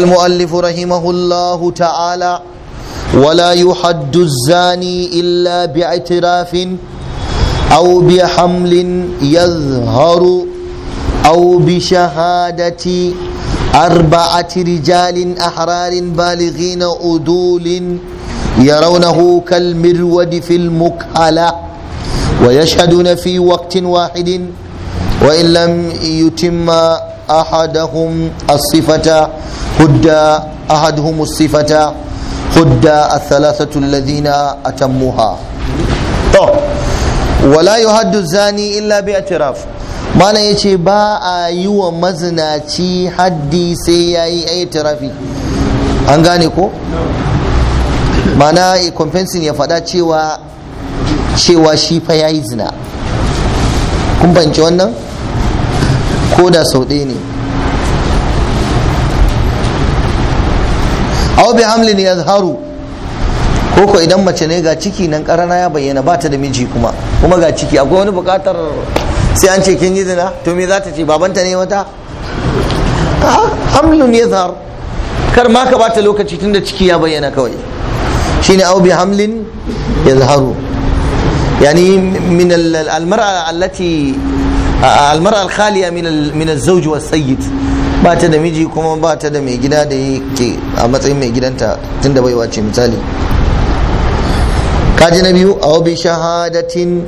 المؤلف رحمه الله تعالى ولا يحد الزاني الا باعتراف او بحمل يظهر او بشهاده اربعه رجال احرار بالغين ادول يرونه كالمرود في المكهله ويشهدون في وقت واحد وان لم يتم أحدهم الصفة هد أحدهم الصفة هد الثلاثة الذين أتموها طب ولا يهد الزاني إلا باعتراف mana ya ce ba a yi wa mazinaci haddi sai ya yi aitirafi an gane ko? mana compensing ya faɗa cewa cewa shi fa ya yi zina kun banci wannan? ko da sau ɗaya ne aw bi hamlin haru ko ko idan mace ne ga ciki nan karana ya bayyana ba ta da miji kuma kuma ga ciki akwai wani bukatar sai an ce kin yi zina to me za ta ce babanta ne wata, hamlin ya zaru kar ma ka bata lokaci tun da ciki ya bayyana kawai shine aw bi hamlin yazharu yani min al-mar'a allati almara alkhaliya min az-zawj was da miji kuma bata da mai gida da yake a matsayin mai gidanta tunda baiwa ce misali kaji na biyu aw bi shahadatin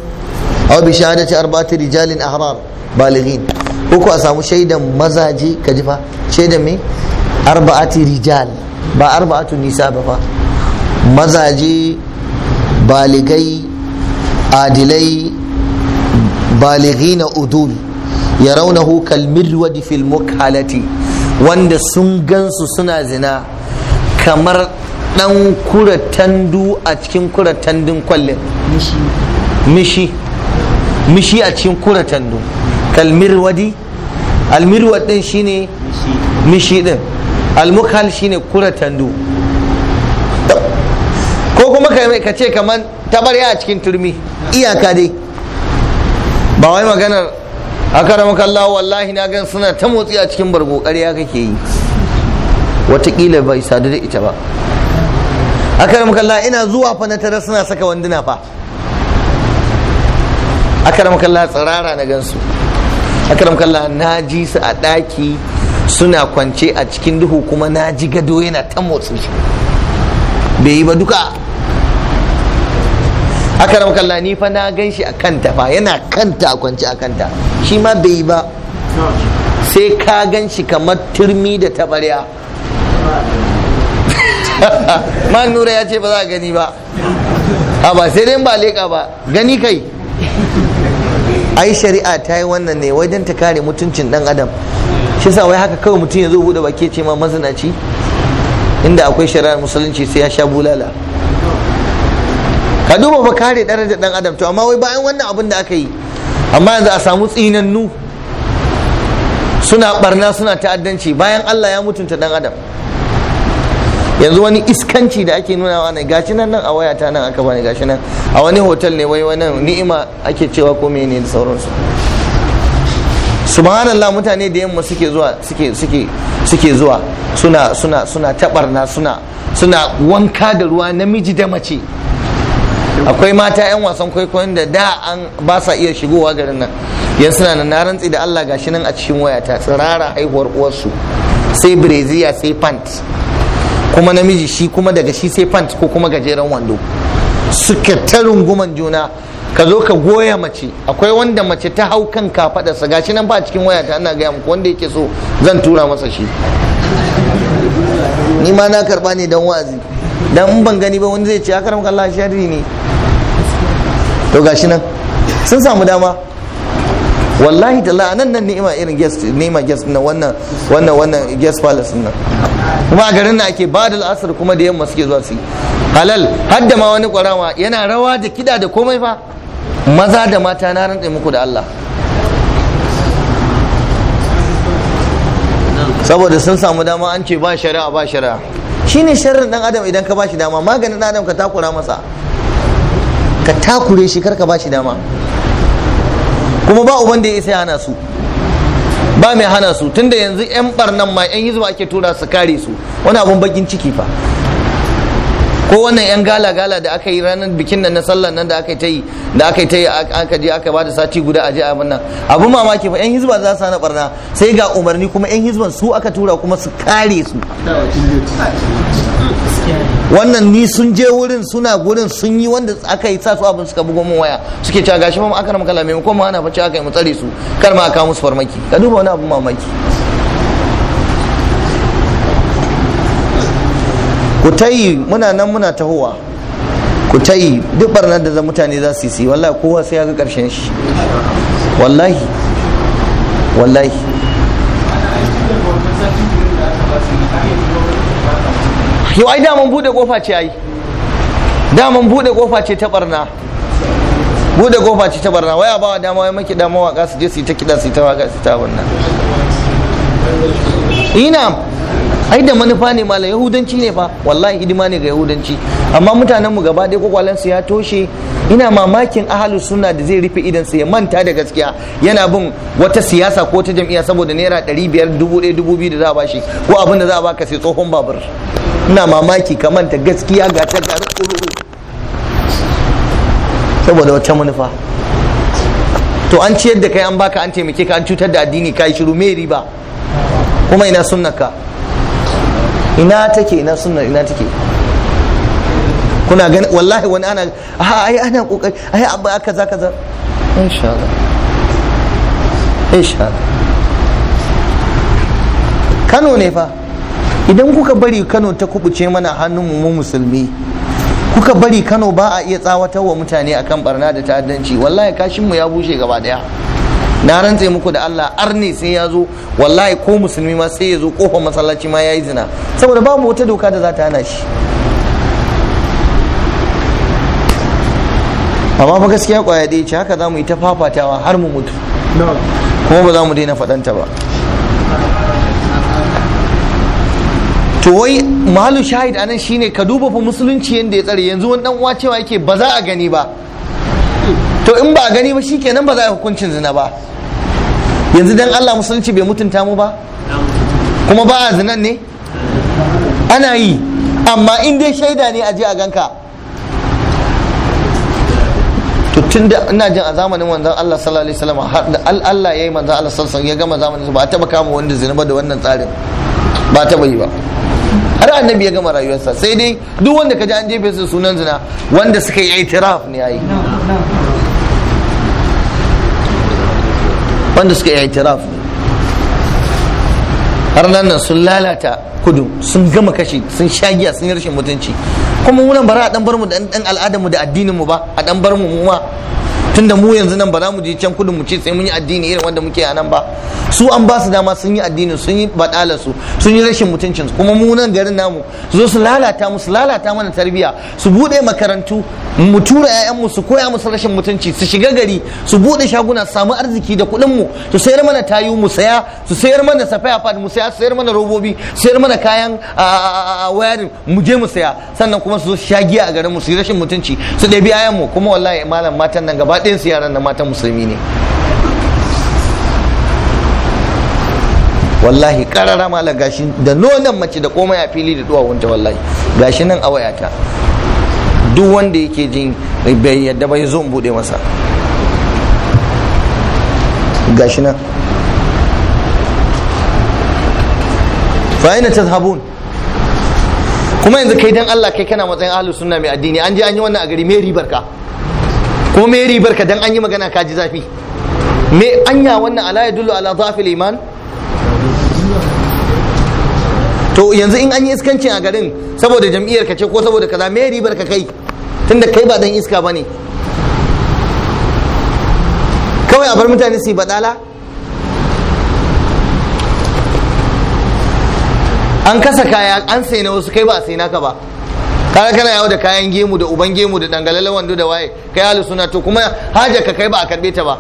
aw bi shahadati arba'ati rijalin ahrar balighin uku a samu shaidan mazaje kaji fa shaidan me arba'ati rijal ba arba'atu nisa ba fa mazaje baligai adilai balighina udul yarawnahu kal mirwadi fil mukhalati wanda sun gansu suna zina kamar dan tandu a cikin kura tandun kwallin mishi mishi a cikin tandu kal mirwadi al mirwad din shine mishi din al mukhal shine tandu, ko kuma ka ce kamar tabarya a cikin turmi iyaka dai ba wai maganar akaramaka Allah wallahi na gan suna ta motsi a cikin bargo ƙarya kake yi watakila bai sadu da ita ba akaramaka Allah ina zuwa fa na tare suna saka wanduna fa akaramaka Allah tsirara na gan gansu akaramaka Allah na ji su a ɗaki suna kwance a cikin duhu kuma na ji gado yana ta motsi bai yi ba duka aka ramkalla ni fa na gan shi a kanta fa yana kanta a kwance a kanta shi ma bai yi ba sai ka gan shi kamar turmi da tabarya ma nura ya ce ba za a gani ba a ba sai dai ba leƙa ba gani kai ai shari'a ta yi wannan ne wajen ta kare mutuncin dan adam shi sa wai haka kawai mutum ya zo bude ke ce ma mazinaci inda akwai shari'ar musulunci sai ya sha bulala ka duba ba kare darajar dan adam to amma wai bayan wannan abin da aka yi amma yanzu a samu tsinannu suna barna suna ta'addanci bayan Allah ya mutunta dan adam yanzu wani iskanci da ake nuna wa gashi nan nan a wayata nan aka bani gashi nan a wani hotel ne wai wani ni'ima ake cewa ko ne da sauransu subhanallah mutane da yamma suke zuwa suke suke suke zuwa suna suna suna tabarna suna suna wanka da ruwa namiji da mace akwai mata 'yan wasan kwaikwayon da da an ba sa iya shigowa garin nan yan suna na rantsi da Allah gashi nan a cikin wayata tsirara haihuwar uwarsu sai breziya sai pant kuma namiji shi kuma daga shi sai pant ko kuma gajeren wando suka ta runguman juna ka zo ka goya mace akwai wanda mace ta hau kan kafadarsa gashi nan ba cikin wayata ana gaya muku wanda yake so zan tura masa shi ni ma na karba ne don wa'azi dan in ban gani ba wani zai ce akar maka Allah shari ne to gashi nan sun samu dama wallahi da la'anan nan ni'ima irin guest ni'ima guest na wannan wannan wannan guest palace nan kuma a garin na ake ba da kuma da yamma suke zuwa su halal har da ma wani kwarama yana rawa da kida da komai fa maza da mata na rantsa muku da Allah saboda sun samu dama an ce ba shari'a ba shari'a shine sharrin dan adam idan ka bashi dama maganin adam ka takura masa ka takure shi karka ba shi dama kuma ba uban da ya isa hana su ba mai hana su tunda yanzu yan barnan ma yan hizba ake tura su kare su wani abun bakin ciki fa ko wannan yan gala gala da aka yi ranar bikin nan na sallar nan da aka yi da aka yi aka je aka bada sati guda a je a nan abu mamaki fa yan hizba za su hana barna sai ga umarni kuma yan hizban su aka tura kuma su kare su wannan ni sun je wurin suna gurin sun yi wanda aka yi sa su abin suka bugo mun waya suke cewa gashi mun aka ramka lamai ko ana fice aka yi mu tsare su kar ma aka musu farmaki ka duba wani abin mamaki ku tayi muna nan muna tahowa ku tayi duk barnar da mutane za su yi wallahi kowa sai ya ga karshen shi wallahi wallahi to ai daman bude kofa ce ai da mun bude kofa ce ta barna bude kofa ce ta barna waya bawa dama wai maki dama waka su je su ta kida su ta waka su ta barna ina ai da manufa ne mala yahudanci ne fa wallahi hidima ne ga yahudanci amma mutanen mu gaba ɗaya kwakwalen su ya toshe ina mamakin ahalu sunna da zai rufe idan su ya manta da gaskiya yana bin wata siyasa ko ta jam'iyya saboda naira ɗari biyar dubu ɗaya dubu biyu da za a bashi ko abin da za a baka sai tsohon babur ina mamaki manta gaskiya ga ta gari kururu saboda wata manufa to an ciyar da kai an baka an taimake ka an cutar da addini ka yi shiru mai riba kuma ina ka ina take ina suna ina take kuna gani wallahi wani ana ha ai ana kokari ai abu kaza kaza insha Allah insha Allah Kano ne fa idan kuka bari kano ta kubuce mana hannun mu musulmi kuka bari kano ba a iya tsawatar wa mutane akan barna da ta'addanci wallahi kashin mu ya bushe gaba daya na rantse muku da Allah arne sai ya zo wallahi ko musulmi ma sai ya zo kofar masallaci ma yayi zina saboda babu wata doka da za ta hana shi amma fa gaskiya kwaya dai ce haka za mu yi ta fafatawa har mu mutu kuma ba za mu daina faɗanta ba to wai mahalu shahid anan shine ka duba fa musulunci yadda ya tsare yanzu wani dan uwa cewa yake ba za a gani ba to in ba a gani ba shikenan ba za a hukuncin zina ba yanzu dan Allah musulunci bai mutunta mu ba kuma ba a zinan ne ana yi amma in dai shaida ne a je a ganka to tun da ina jin a zamanin manzon Allah sallallahu alaihi wasallam har da Allah yayi manzon Allah sallallahu alaihi wasallam ya gama zamanin ba a taba kama wanda zina ba da wannan tsarin ba ta yi ba har annabi ya gama rayuwarsa sai dai duk wanda ka ji an jefe su sunan zina wanda suka yi itiraf ne ayi. wanda suka yi itiraf har nan nan sun lalata kudu sun gama kashi sun shagiya sun yi rashin mutunci kuma munan bara a dan bar mu da dan al'adar mu da addinin mu ba a dan bar mu mu ma tunda mu yanzu nan ba za mu je can kudu mu ce sai mun yi addini irin wanda muke a nan ba su an ba su dama sun yi addinin sun yi badala su sun yi rashin mutuncin kuma mu nan garin namu su zo su lalata mu su lalata mana tarbiya su bude makarantu mu tura ƴaƴan mu su koya musu rashin mutunci su shiga gari su bude shaguna su samu arziki da kuɗin mu su sayar mana tayu mu saya su sayar mana safaya fad mu saya su sayar mana robobi su sayar mana kayan wayarin mu je mu saya sannan kuma su zo shagiya a garin mu su yi rashin mutunci su ɗabi ƴaƴan mu kuma wallahi malam matan nan gaba ɗaya ɗayan su yaran na matan musulmi ne wallahi karara mala gashi da nonon mace da komai a fili da duwawunta wallahi gashi nan a wayata duk wanda yake jin bai yadda bai zo bude masa gashi nan fa'ina tazhabun kuma yanzu kai dan Allah kai kana matsayin ahlus sunna mai addini an je an yi wannan a gari mai ribar ka ko Mary ribar ka dan an yi magana ka ji zafi me anya wannan ala ya dullu ala zafil iman to yanzu in an yi iskanci a garin saboda jam'iyyar ka ce ko saboda kaza Mary ribar ka kai tunda kai ba dan iska bane kawai a bar mutane su yi badala an kasa kaya an sai na wasu kai ba a sai naka ba kaga kana yawo da kayan gemu da uban gemu da dangalalen wando da waye kai ahlus sunna to kuma hajar ka kai ba a karbe ta ba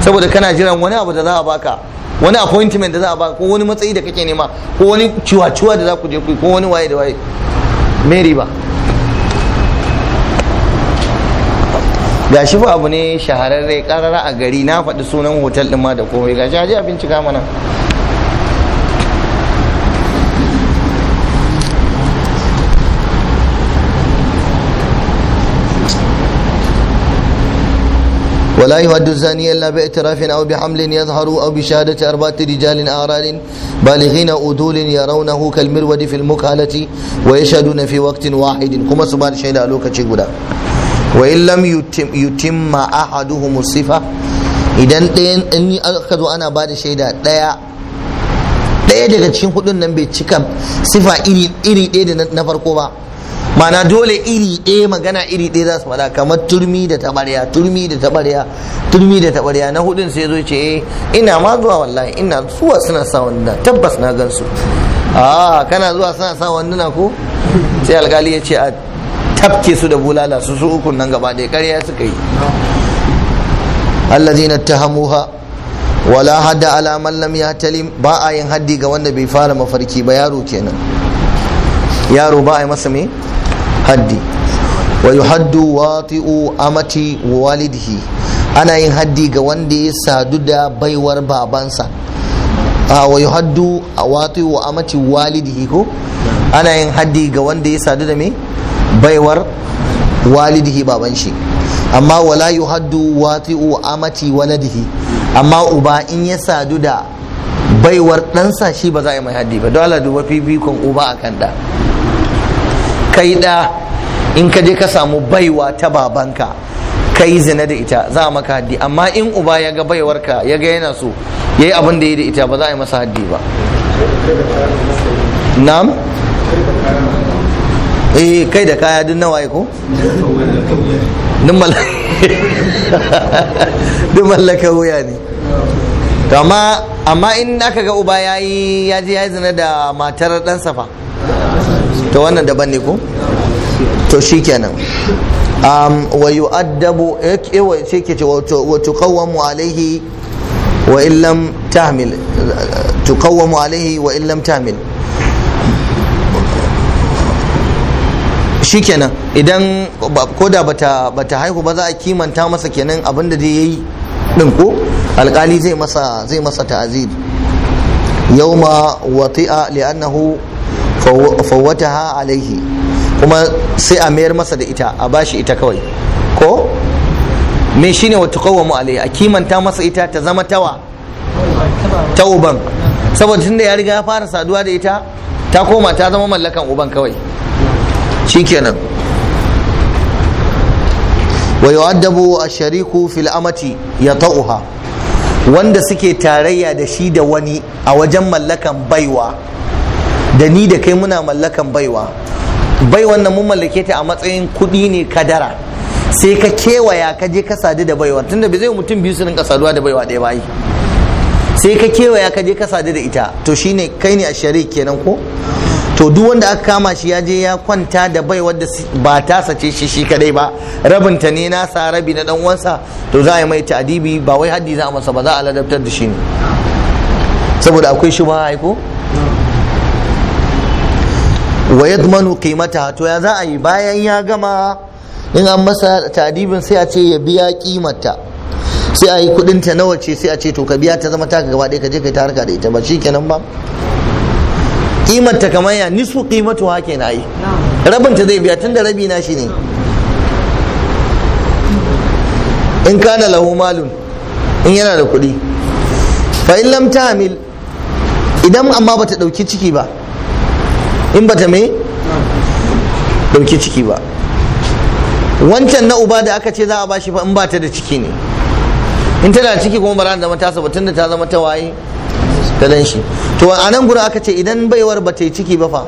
saboda kana jiran wani abu da za a baka wani appointment da za a baka ko wani matsayi da kake nema ko wani ciwa-ciwa da za ku je ku ko wani waye da waye meri ba Ga shi fa abu ne shahararre karara a gari na faɗi sunan hotel ɗin ma da komai shi aje a bincika mana ولا يهد الزاني إلا باعتراف أو بحمل يظهر أو بشهادة أربعة رجال أعرال بالغين أدول يرونه كالمرود في المكالة ويشهدون في وقت واحد كما سبحان شهد ألوك تشيقودا وإن لم يتم, يتم أحدهم الصفة idan ɗayan in aka zo ana ba da shaida ɗaya ɗaya daga cikin hudun nan bai cika sifa iri ɗaya da na farko ba mana dole iri ɗaya magana iri ɗaya za su faɗa kamar turmi da tabarya turmi da tabarya turmi da tabarya na hudun sai zo ce eh, ina ma zuwa wallahi ina zuwa suna sa wannan tabbas na gansu a ah, kana zuwa suna sa wannan ko sai alkali ya ce a tafke su da bulala su su ukun nan gaba ɗaya ƙarya suka yi allazina tahamuha wala hada ala man lam yahtalim ba a yin haddi ga wanda bai fara mafarki ba yaro kenan yaro ba a yi masa me haddi wa yuhaddu wati'u amati walidihi ana yin haddi ga wanda ya sadu da baiwar babansa wa yuhaddu wati'u amati walidihi ko ana yin haddi ga wanda ya sadu da me baiwar walidihi baban shi amma wala yuhaddu wati'u amati waladihi amma uba in ya sadu da baiwar ɗansa shi ba za a yi mai haddi ba don dole duba fifikon uba akan da kai da in ka je ka samu baiwa ta babanka ka yi zina da ita za a maka haddi amma in uba ya ga baiwarka ya ga yana so ya yi abin da ya yi da ita ba za a yi masa haddi ba nam eh kai da kaya duk nawa ko duk mallaka wuya ne amma in aka ga uba ya yi ya je ya zina da matar dan safa to wannan daban ne ko to shikenan um wa yu'addabu eh wa sai ke ce wa tuqawwamu alaihi wa illam tahmil tuqawwamu alaihi wa illam shi kenan idan koda bata bata haihu ba za a kimanta masa kenan abinda da yayi din ko alkali zai masa zai masa ma yawma wati'a li'annahu Fawwata ha alaihi kuma sai a mayar masa da ita a bashi ita kawai ko me shine wa tuqawwamu alaihi a kimanta masa ita ta zama tawa ta uban saboda tunda ya riga ya fara saduwa da ita ta koma ta zama mallakan uban kawai shikenan wa yu'addabu ash-shariku fil amati yata'uha wanda suke tarayya da shi da wani a wajen mallakan baiwa da ni da kai muna mallakan baiwa baiwan nan mun mallake ta a matsayin kuɗi ne kadara sai ka kewaya ka je ka sadu da baiwa tunda bai zai mutum biyu su rinka saduwa da baiwa ɗaya bayi sai ka kewaya ka je ka sadu da ita to shine kai ne a shari'a kenan ko to duk wanda aka kama shi ya je ya kwanta da bai wadda ba ta sace shi shi kadai ba rabinta ne nasa rabi na dan uwansa to za a yi mai ta'adibi ba wai haddi za a masa ba za a ladabtar da shi ne saboda akwai shi ba ko wa yadmanu qimataha to ya za a yi bayan ya gama in an masa tadibin sai a ce ya biya kimata sai a yi kudin ta nawa ce sai a ce to ka biya ta zama taka gaba ɗaya ka je ka ta harka da ita ba shikenan ba kimata kamar ya nisu kimatu ha na yi rabin ta zai biya tun da rabi na shi ne in kana lahu malun in yana da kuɗi fa in lam ta'mil idan amma bata dauki ciki ba in bata mai dauki ciki ba wancan na uba da aka ce za a ba shi fa in ta da ciki ne in tana da ciki kuma ba za ta zama tasa ba tunda ta zama ta waye ta dan shi to a nan gurin aka ce idan baiwar ba ta yi ciki ba fa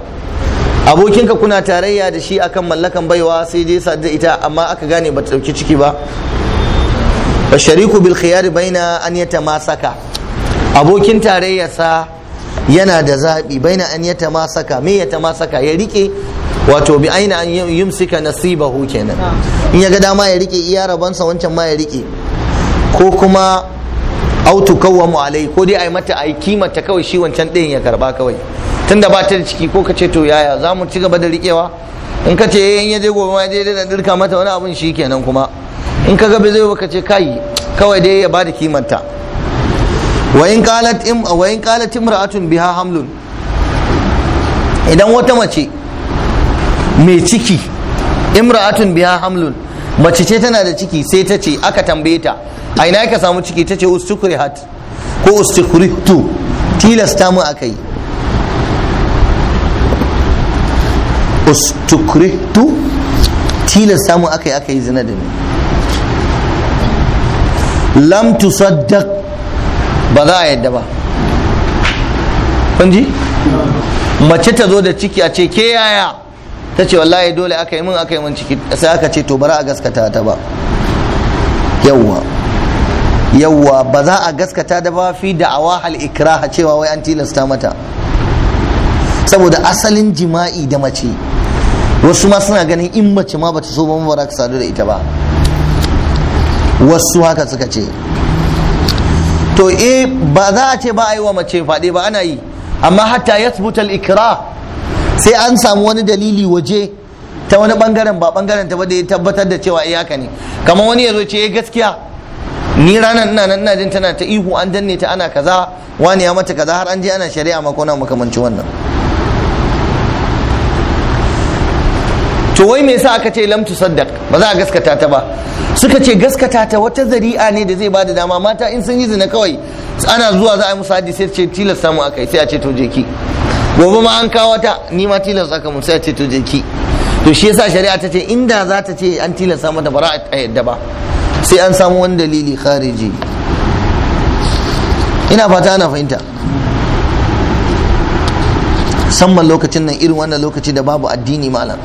abokinka kuna tarayya da shi akan mallakan baiwa sai dai sa da ita amma aka gane ba ta dauki ciki ba fa shariku bil khiyar baina an yata masaka abokin tarayyarsa yana da zaɓi baina an ya tamasaka me ya tamasaka ya rike wato bi aina an yumsika nasibahu kenan in ya ga dama ya rike iya rabansa wancan ma ya rike ko kuma autu kawwamu alai ko dai ai mata ai kimanta kawai shi wancan ɗayan ya karba kawai tunda ba ta da ciki ko ka ce to yaya za mu ci gaba da riƙewa in ka ce eh, in ya je gobe ma je da dirka mata wani abun shi kenan kuma in ka ga bai zai ba ka ce kai kawai dai ya ba da kimanta wayin kalat im wayin kalat imra'atun biha hamlun idan wata mace mai ciki imra'atun biha hamlun mace ce tana da ciki sai ta ce aka tambaye ta a ina ka samu ciki ta ce ustukrihat ko ustukrihtu tilasta mu akai ustukrihtu tilasta mu akai akai zina da ni lam tusaddaq ba za a yadda ba ji mace ta zo da ciki a ce ke yaya ta ce wallahi dole aka yi min aka yi min ciki sai aka ce to bara a gaskata ta ba yawwa yawwa ba za a gaskata da ba fi da'awa hal ikraha cewa wai an tilasta mata saboda asalin jima'i da mace wasu ma suna ganin in mace ma bata so ba ba ka sadu da ita ba wasu haka suka ce to e ba za a ce ba a yi wa mace faɗe ba ana yi amma hatta ya ikira sai an samu wani dalili waje ta wani bangaren ba bangaren ta da ya tabbatar da cewa iyaka eh, ne kamar wani ya zo ce eh, gaskiya ni ranar ina nan ina jin tana ta ihu an danne ta ana kaza wani ya mata kaza har an je ana shari'a mako na makamanci wannan to wai me yasa aka ce lam saddaq ba za a gaskata ta ba suka ce gaskata ta wata zari'a ne da zai bada dama mata in sun yi zina kawai ana zuwa za a yi musu hadisi sai ce tilasta mu akai sai a ce to je ki gobe ma an kawo ta ni ma tilasta aka mun sai a ce to je ki to shi yasa shari'a ta ce inda za ta ce an tilasta mata ba za a yadda ba sai an samu wani dalili khariji ina fata ana fahimta samman lokacin nan irin wannan lokaci da babu addini malam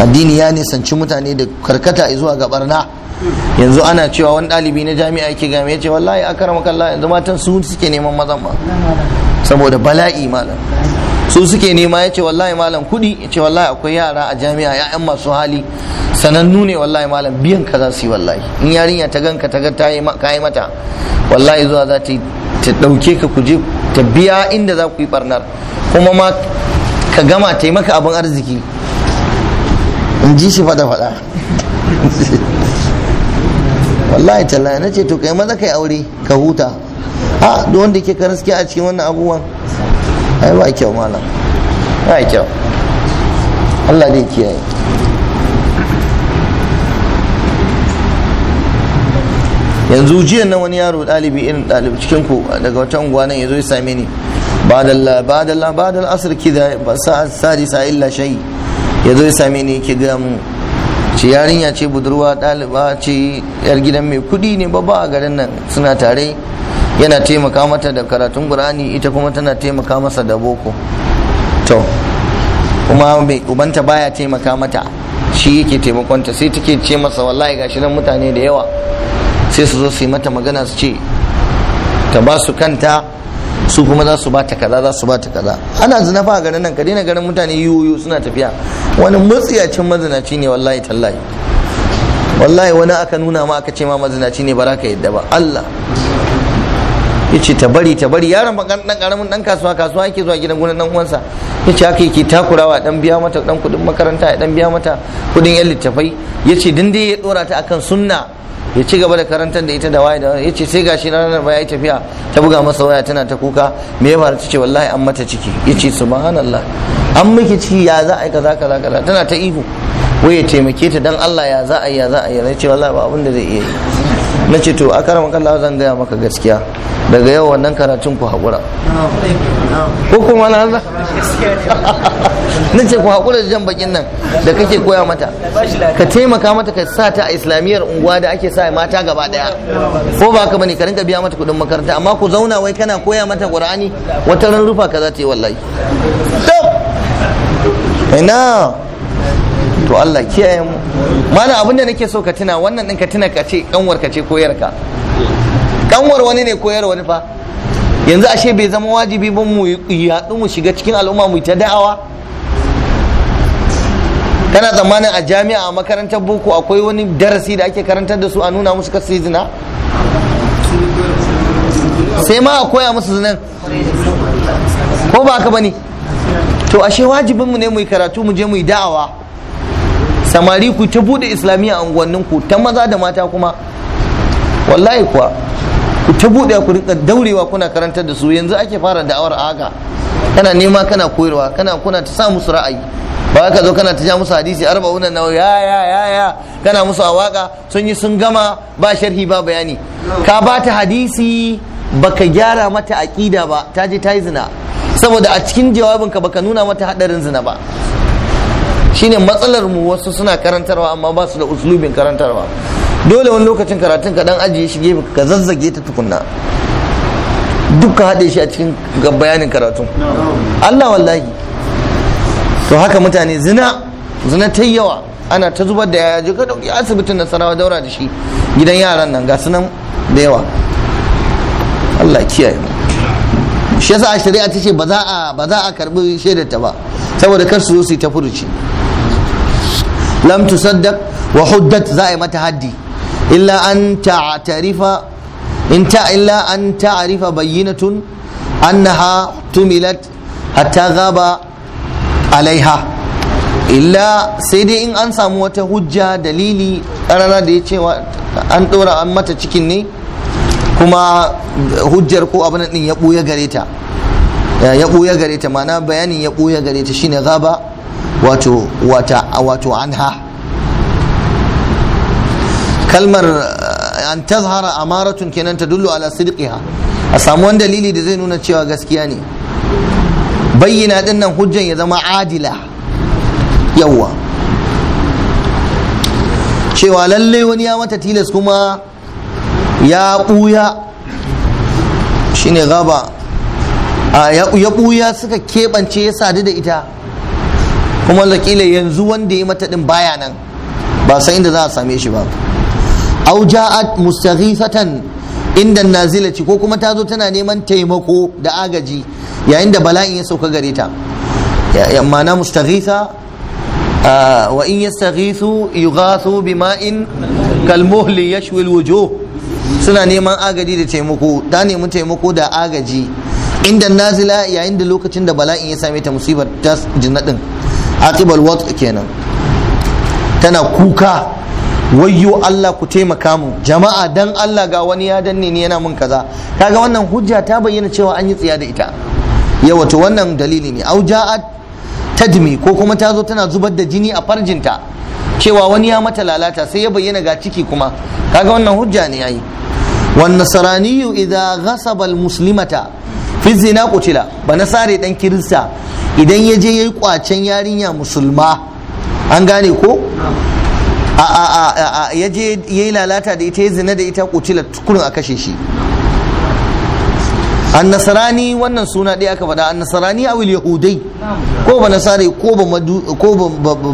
addini ya nisanci mutane da karkata zuwa ga barna yanzu ana cewa wani ɗalibi na jami'a yake game ya ce wallahi kara makalla yanzu matan su suke neman mazan ma saboda bala'i malam su suke nema ya ce wallahi malam kudi ya ce wallahi akwai yara a jami'a ya'yan masu hali sanannu ne wallahi malam biyan ka za su yi wallahi in yarinya ta ganka ta ga ta yi mata wallahi zuwa za ta ta dauke ka kuje ta biya inda za ku yi barnar kuma ma ka gama ta yi maka abin arziki in ji shi fada fada wallahi talla na ce to kai maza kai aure ka huta a duk wanda ke suke a cikin wannan abubuwan ai ba kyau malam ba kyau Allah dai kiyaye yanzu jiya na wani yaro dalibi irin dalibi cikin ku daga wata unguwa nan yazo ya same ni ba da ba da ba da asr kida ba sadi illa shay'i ya zo ya same ni yake gaya mu ce yarinya ce budurwa ɗaliba ce yar gidan mai kuɗi ne babba a garin nan suna tare yana taimaka mata da karatun gurani ita kuma tana taimaka masa da boko to kuma mai ubanta baya taimaka mata shi yake taimakonta sai take ce masa wallahi gashi nan mutane da yawa sai su zo su yi mata magana su ce ta ba su kanta su kuma za su ba ta kaza za su ba ta kaza ana zina fa garin nan ka daina garin mutane yiwu suna tafiya wani matsiyacin mazinaci ne wallahi tallahi wallahi wani aka nuna ma aka ce ma mazinaci ne ba za ka yadda ba Allah ya ce ta bari ta bari yaron bakan dan karamin dan kasuwa kasuwa yake zuwa gidan gudun dan uwansa ya ce haka yake takurawa dan biya mata dan kudin makaranta ya dan biya mata kudin yan littafai ya ce din ya dora ta akan sunna ya ci gaba da karantar da ita da waye da ya ce sai gashi ranar baya ya tafiya ta buga masa waya tana ta kuka me ya faru ce wallahi an mata ciki ya ce subhanallah an miki ciki ya za a yi kaza kaza kaza tana ta ihu waye ya taimake ta dan Allah ya za a yi ya za a yi ya ce wallahi ba abin da zai iya yi na ce to a maka zan gaya maka gaskiya daga yau wannan karatun ku haƙura ko kuma na Allah na ce ku haƙura da jan bakin nan da kake koya mata ka taimaka mata ka sa ta a islamiyyar unguwa da ake sa mata gaba daya ko ba ka bane ka rinka biya mata kuɗin makaranta amma ku zauna wai kana koya mata qur'ani wata ran ka za ta yi wallahi to Allah kiyaye mu mana abinda nake so ka tuna wannan din ka tuna ka ce kanwar ka ce koyarka kanwar wani ne koyar wani fa yanzu ashe bai zama wajibi ba mu yaɗu mu shiga cikin al'umma mu ta da'awa kana tsammanin a jami'a a makarantar boko akwai wani darasi da ake karantar da su a nuna musu kasu zina sai ma a koya musu zinan ko ba haka bane to ashe wajibinmu ne mu yi karatu mu je mu yi da'awa samari ku ta bude islamiyya a unguwannin ku ta maza da mata kuma wallahi kuwa ku ta bude ku rinka daurewa kuna karantar da su yanzu ake fara da'awar aka. kana nema kana koyarwa kana kuna ta sa musu ra'ayi ba ka zo kana ta ja musu hadisi arba'un na ya ya ya ya kana musu a waka sun yi sun gama ba sharhi ba bayani ka ba ta hadisi baka gyara mata aqida ba ta je ta yi zina saboda a cikin jawabinka baka nuna mata hadarin zina ba shine matsalar mu wasu suna karantarwa amma ba su da uslubin karantarwa dole wani lokacin karatun ka dan ajiye shi gefe ka zazzage ta tukunna ka haɗe shi a cikin bayanin karatun Allah wallahi to haka mutane zina zina ta yawa ana ta zubar da yaya ka ɗauki asibitin nasarawa daura da shi gidan yaran nan ga nan da yawa Allah kiyaye mu shi yasa a shari'a ta ce ba za a karɓi shaidar ta ba saboda kar su zo su yi ta furuci lam tusaddaq wa huddat za a yi mata haddi illa an ta'tarifa in ta illa an ta'rifa bayyinatun annaha tumilat hatta ghaba alaiha illa sai dai in an samu wata hujja dalili karara da ya cewa an dora an mata cikin ne kuma hujjar ko abin din ya buya gare ta ya buya gare ta ma'ana bayanin ya buya gare ta shine gaba wato wata wato anha kalmar eh, an tazhara amaratun kenan ta dullu ala sidqiha a samu wani dalili da zai nuna cewa gaskiya ne bayyana din nan hujjan ya zama adila yawwa cewa lallai wani ya mata tilas kuma ya ɓuya shine gaba ya ɓuya suka keɓance ya sadu da ita kuma lakila yanzu wanda ya mata din baya nan ba san inda za a same shi ba au ja'at mustaghifatan inda nazilati ko kuma ta zo tana neman taimako da agaji yayin da bala'in ya sauka gare ta ma'ana mustaghitha wa in yastaghithu yughathu bima'in kalmuhli yashwi alwujuh suna neman agaji da taimako ta nemi taimako da agaji inda nazila yayin da lokacin da bala'in ya same ta musibar ta jinnadin aqibal wat kenan tana kuka wayyo Allah ku taimaka mu jama'a dan Allah ga wani ya danne ni yana mun kaza kaga wannan hujja ta bayyana cewa an yi tsiya da ita yawa to wannan dalili ne au ja'at tadmi ko kuma ta zo tana zubar da jini a farjinta cewa wani ya mata lalata sai ya bayyana ga ciki kuma kaga wannan hujja ne yayi wan nasraniyu idza ghasaba al muslimata fi zina kutila ba nasare dan kirista idan ya je yayi kwacen yarinya musulma an gane ko a ya je yayi lalata da ita ya zina da ita kutila tukurin a kashe shi an nasarani wannan suna ɗaya aka faɗa an nasarani wil yahudai ko ba nasare ko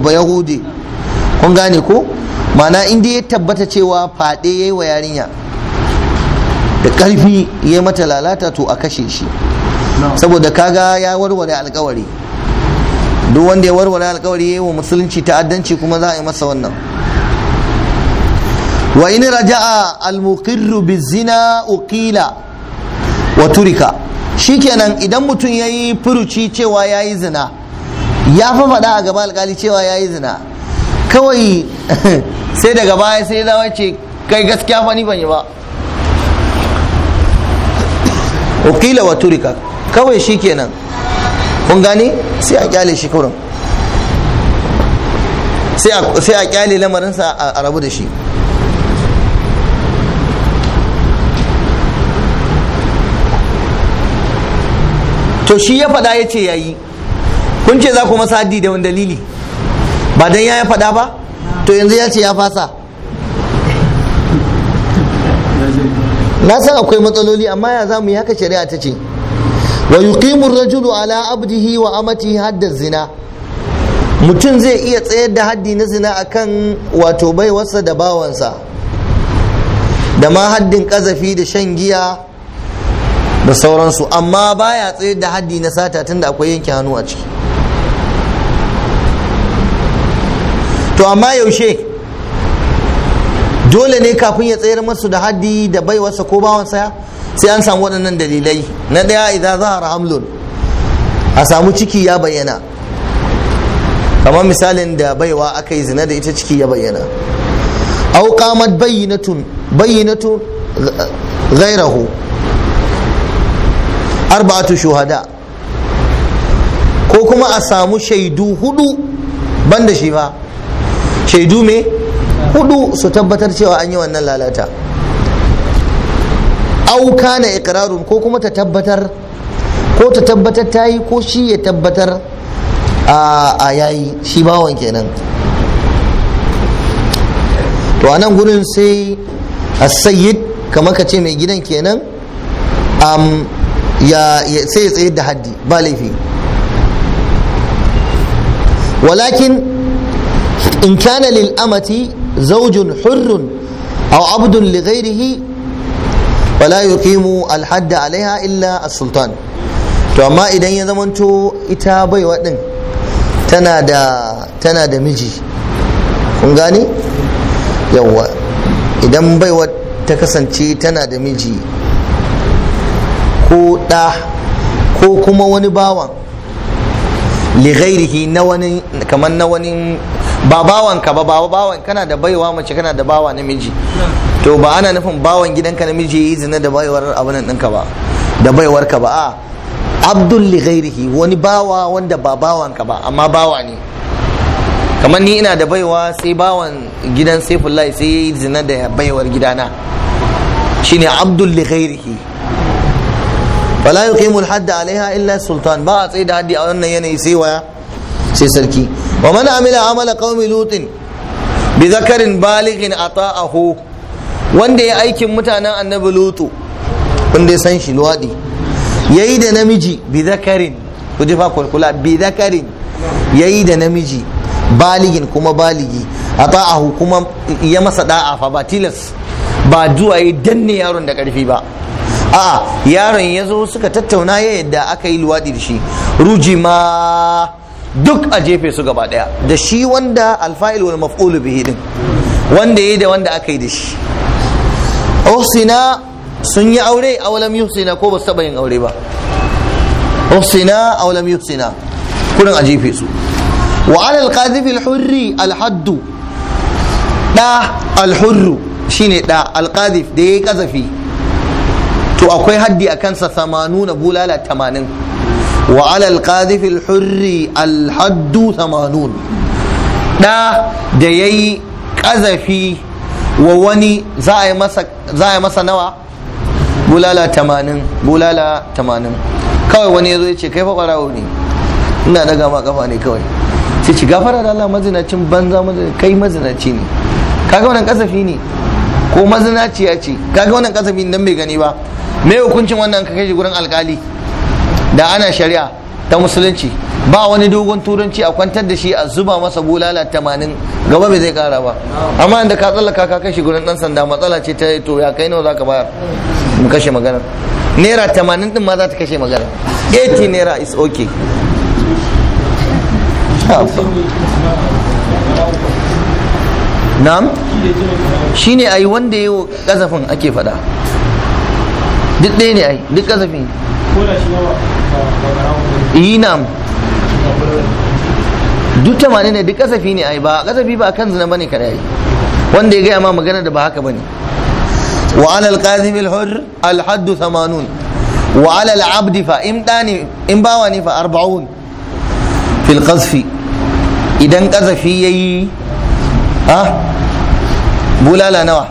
ba yahudi kun gane ko mana inda ya tabbata cewa faɗe ya yi wa yarinya da ƙarfi ya mata lalata to a kashe shi saboda kaga ya warware alkawari duk wanda ya warware alkawari ya yi wa musulunci ta'addanci kuma za a yi masa wannan wa in raja'a al-muqirru bizina uqila wa turika shikenan idan mutum yayi furuci cewa yayi zina ya fa faɗa a gaba alkali cewa yayi zina kawai sai daga baya sai ya ce kai gaskiya fa ni ban yi ba wakila wa turika kawai shi kenan kun gane sai a kyale shi kurin sai a kyale lamarinsa a rabu da shi to shi ya faɗa ya ce ya yi kun ce za ku masa haddi da wani dalili ba don ya ya faɗa ba to yanzu ya ce ya fasa na san akwai matsaloli amma ya za mu yi haka shari'a ta ce wa yuqimu rajulu ala abdihi wa amatihi hadda zina mutum zai iya tsayar da haddi na zina akan wato baiwarsa da bawansa da ma haddin kazafi da shan giya da sauransu amma baya tsayar da haddi na sata tunda akwai yanke hannu a ciki to amma yaushe dole ne kafin ya tsayar masu da haddi da baiwarsa ko saya sai an samu waɗannan dalilai na ɗaya idan zahara hamlun a samu ciki ya bayyana kamar misalin da baiwa aka yi zina da ita ciki ya bayyana au qamat bayyinatun bayyinatu gairahu arba'atu shuhada ko kuma a samu shaidu hudu banda shi ba shaidu me hudu su tabbatar cewa an yi wannan lalata au kana iqrarun ko kuma ta tabbatar ko ta tabbatar ta yi ko shi ya tabbatar a yayi shi bawon kenan to a nan gurin sai a sayyid kamar ka ce mai gidan kenan sai ya tsaye da haddi ba laifi walakin in kana lil'amati. زوج حر أو عبد لغيره ولا يقيم الحد عليها إلا السلطان to amma idan ya zamanto ita baiwa din tana da tana da miji kun gane yawa idan baiwa ta kasance tana da miji ko ɗa ko kuma wani bawan lighairihi na wani kamar na wani ba bawanka ba ba bawan kana da baiwa mace kana da bawa namiji to ba ana nufin bawan gidanka namiji yi zina da baiwar abin ɗinka ba da baiwarka ba a abdul li ghairihi wani bawa wanda ba bawanka ba amma bawa ne kamar ni ina da baiwa sai bawan gidan saifullahi sai yi zina da baiwar gidana shine abdul li ghairihi fala yuqimu al-hadd alaiha illa sultan ba a tsaye da haddi a wannan yanayi sai waya sai sarki wa man amila amala qaumi lutin bi zakarin balighin ata'ahu wanda ya aikin mutanen annabi lutu wanda ya san shi luwadi yayi da namiji bi zakarin ku ji fa bi zakarin yayi da namiji baligin kuma baligi ata'ahu kuma ya masa da'a fa ba tilas ba duwa ya danne yaron da karfi ba a'a yaron ya zo suka tattauna ya yadda aka yi luwaɗi da shi rujima duk a jefe su gaba daya da shi wanda alfa'il wal maf'ul bihi din wanda yayi da wanda aka yi da shi uhsina sun yi aure aw lam yuhsina ko ba su taba yin aure ba uhsina aw lam yuhsina kurin a jefe su wa ala alqadhif alhurri alhadd da alhurru shine da alqadhif da yayi kazafi to akwai haddi a kansa 80 bulala 80 wa alal qadhif al hurri al haddu 80 da da yayi kazafi wa wani za a yi masa za a bulala 80 bulala 80 kawai wani yazo ya ce kai fa ne ina daga ma kafa ne kawai sai ci gafara da Allah mazinacin banza kai mazinaci ne kaga wannan kasafi ne ko mazinaciya ce kaga wannan kasafi nan bai gani ba me hukuncin wannan ka kai shi gurin alkali da ana shari'a ta musulunci ba wani dogon turanci a kwantar da shi a zuba masa bulala tamanin gaba bai zai kara ba amma inda ka tsallaka ka kashe gurin dan sanda matsala ce ta to ya kai nawa zaka bayar mu kashe magana naira tamanin din ma za ta kashe magana 80 naira is okay nam shine ai wanda yayi kazafin ake fada duk ɗaya ne ai duk kazafi inam duk tamani ne duk kasafi ne ai ba kasafi ba kan zina bane kada wanda ya gaya ma magana da ba haka bane wa ala alqazim alhur alhadd 80 wa ala alabd fa in dani in bawa ne fa 40 fil qazfi idan kasafi yayi ah bulala nawa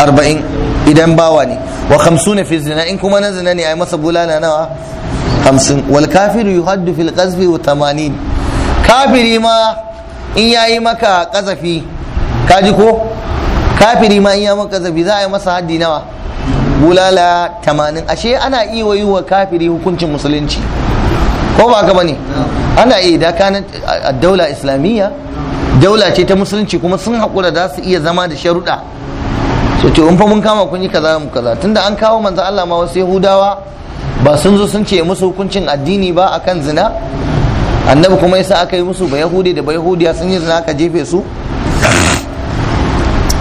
40 idan bawa ne wa khamsuna fi zina in kuma na zina ne ai masa bulala nawa hamsin wal kafiru yuhaddu fil qazfi wa tamanin kafiri ma in yayi maka kazafi kaji ko kafiri ma in yayi maka kazafi za a yi masa haddi nawa bulala tamanin ashe ana iya yi wa kafiri hukuncin musulunci ko ba haka bane ana iya da kanin daula islamiyya daula ce ta musulunci kuma sun haƙura za su iya zama da sharuɗa ya ce in fa mun kama kun yi kaza mu kaza tunda an kawo manzo Allah ma wasu Yahudawa ba sun zo sun ce musu hukuncin addini ba akan zina annabi kuma yasa aka yi musu ba Yahudi da ba Yahudiya sun yi zina aka jefe su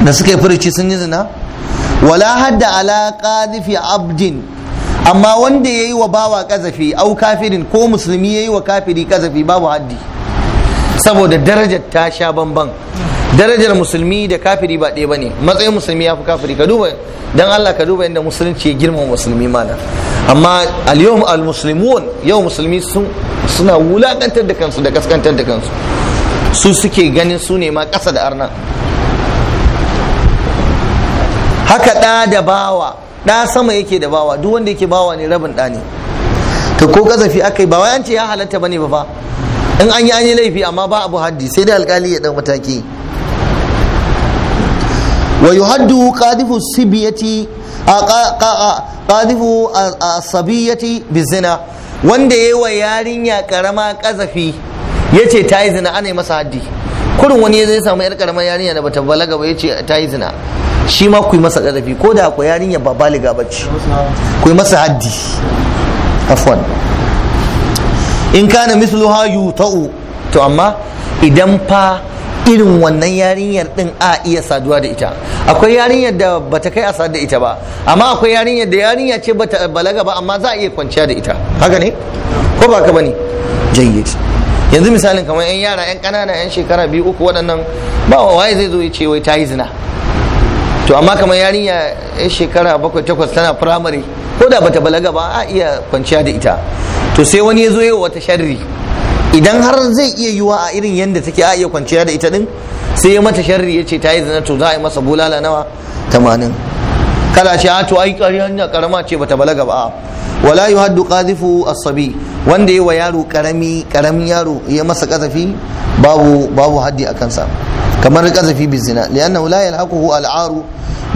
da suka yi furuci sun yi zina wala hadda ala qadifi abdin amma wanda yayi wa bawa kazafi au kafirin ko musulmi yayi wa kafiri kazafi babu haddi saboda darajar ta sha bamban darajar musulmi da kafiri ba ɗaya ne matsayin musulmi ya fi kafiri ka duba dan Allah ka duba inda musulunci ya girma musulmi mana amma al-yawm al-muslimun yau musulmi sun suna wulaƙantar da kansu da kaskantar da kansu su suke ganin su ne ma ƙasa da arna haka ɗa da bawa ɗa sama yake da bawa duk wanda yake bawa ne rabin ɗa ne to ko kazafi aka yi ba wai ya halatta bane ba fa in an yi an yi laifi amma ba abu haddi sai dai alkali ya ɗan mataki wa yuhaddu qadifu sibiyati qadifu asabiyati bizina wanda ya yi wa yarinya karama kazafi ce ta yi zina ana yi masa haddi kurin wani zai samu yar karamar yarinya da bata balaga ba ya ce ta yi zina shi ma ku yi masa kazafi ko da ku yarinya ba baliga bace ku yi masa haddi afwan in kana misluha yuta'u to amma idan fa irin wannan yarinyar din a iya saduwa da ita akwai yarinyar da bata kai a sadu da ita ba amma akwai yarinyar da yarinya ce bata balaga ba amma za a iya kwanciya da ita haka ne ko ba ka bane jayyid yanzu misalin kamar yan yara yan ƙanana yan shekara biyu uku waɗannan ba waye zai zo ya ce wai ta yi zina to amma kamar yarinya yan shekara bakwai takwas tana firamare ko da bata balaga ba a iya kwanciya da ita to sai wani ya zo yi wata sharri idan har zai iya yiwuwa a irin yadda take a iya kwanciya da ita din sai ya mata sharri ya ce ta yi zina to za a yi masa bulala nawa tamanin kada ce a to ai ƙarya karama ce bata balaga ba wala haddu qadhifu a sabi wanda yi wa yaro karami karamin yaro ya masa kazafi babu babu haddi a kansa kamar kazafi bi zina li'annahu la yalhaquhu al'aru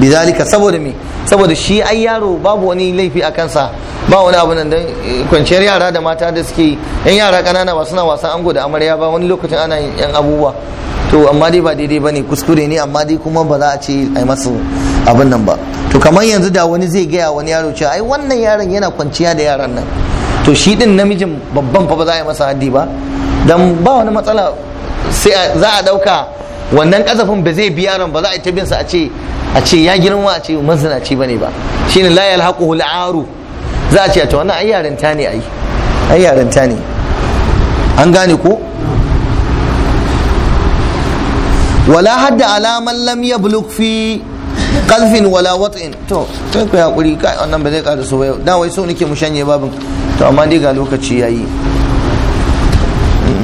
zalika saboda me saboda shi ai yaro babu wani laifi a kansa ba wani abu nan dan eh, kwanciyar yara da mata da suke yan yara kanana ba suna wasan ango da amarya ba wani lokacin ana yan abubuwa to amma dai ba daidai bane kuskure ne amma dai kuma ba za a ce ai masu abin nan ba to kamar yanzu da wani zai gaya wani yaro cewa ai wannan yaron yana kwanciya da yaran nan to shi din namijin babban fa ba za a yi masa haddi ba dan ba wani matsala sai za a dauka wannan kazafin ba zai bi yaron ba za a yi ta bin sa a ce a ce ya girma a ce mazinaci bane ba shine la yalhaquhu al'aru za a ce to wannan ai yarinta ne ai ai yarinta ne an gane ko wala hadda alaman lam yablugh fi kalfin wala watsin to kai kai hakuri kai wannan ba zai ƙara so yau da wai so nake mu shanye babin to amma dai ga lokaci yayi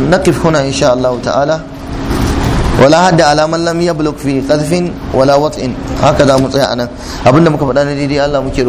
nakif huna insha Allah ta'ala wala hadda alaman lam yablugh fi wala watsin haka za mu tsaya anan abinda muka faɗa dai daidai Allah muke